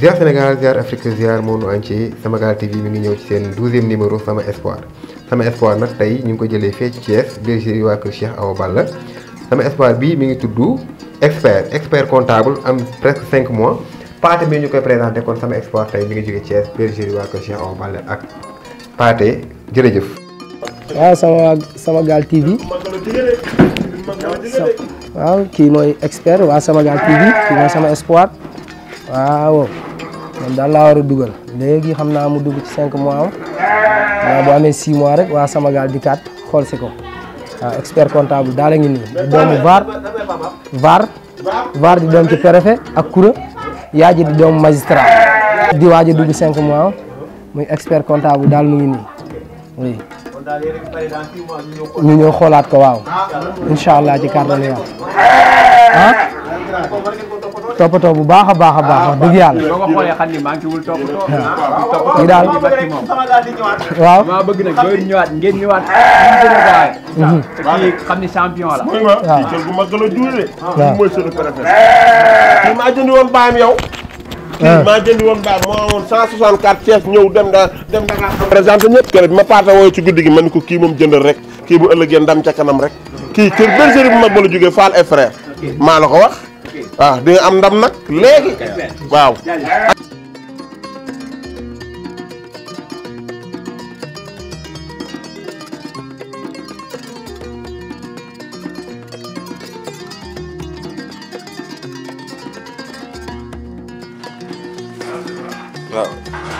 ziar Sénégal ziar Afrique ziar monde entier Samagal TV mi ngi ñëw ci seen douzième numéro sama espoir sama espoir nag tey ñu ngi ko jëlee fee ci Thiès bergerie waa kër Cheikh Awa Balla sama espoir bii mi ngi tudd expert expert comptable am presque 5 mois Pathé bi ñu koy présenté kon sama espoir tey mi ngi jóge Thiès bergerie waa kër Cheikh Awa Balla ak Pathé jërëjëf. waaw sama Samagal TV. waaw kii mooy expert waa Samagal TV kii mooy sama espoir man daal laa war a dugal léegi xam naa mu dugg ci cinq mois am waaw bu amee six mois rek waa sama gaal di kaat xool si ko waaw expert comptable daal a ngi nii di doomu VAR VAR VAR di doom ci préfet ak kura yaa di doomu magistrat di waaj a dugg cinq mois am muy expert comptable daal mu ngi nii ñu ñëw xoolaat ko waaw incha allah ci kàttan yàlla ah toppatoo bu baax a baax a baax wax dëgg yàlla ñu daal waaw maa bëgg nag booy ñëwaat ngeen ñëwaat mhm. kii xam ni champion la waaw jël bu mag la juule maa jëndi woon baam yow eh. maa jëndi woon baam moo amoon 164 Thiès ñëw dem da dem Dakar présenté ñëpp keroog bi ma paata wooyu ci guddi gi man ko kii moom jëndal rek kii bu ëllëgee ndam ca kanam rek kii kër bergerie bu mag ba jógee Fall et maa la ko wax à đưa nga am ndam nag léegi waaw waaw